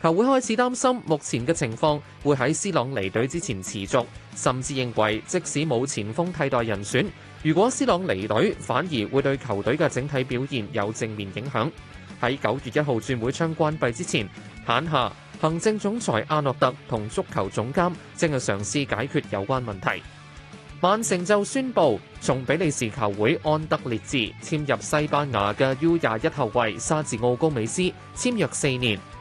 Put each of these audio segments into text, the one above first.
球會開始擔心目前嘅情況會喺 C 朗離隊之前持續，甚至認為即使冇前鋒替代人選，如果 C 朗離隊，反而會對球隊嘅整體表現有正面影響。喺九月一號轉會窗關閉之前，坦夏、行政總裁阿諾特同足球總監正係嘗試解決有關問題。曼城就宣布，從比利時球會安德列治，簽入西班牙嘅 U 廿一後衛沙治奧高美斯，簽約四年。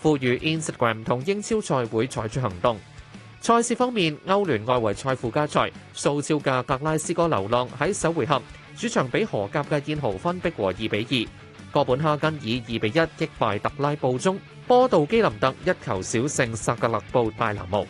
呼籲 Instagram 同英超賽會採取行動。賽事方面，歐聯外圍賽附加賽，蘇超嘅格拉斯哥流浪喺首回合主場比荷甲嘅燕豪芬逼和二比二；哥本哈根以二比一擊敗特拉布宗，波杜基林特一球小勝薩格勒布戴拿模。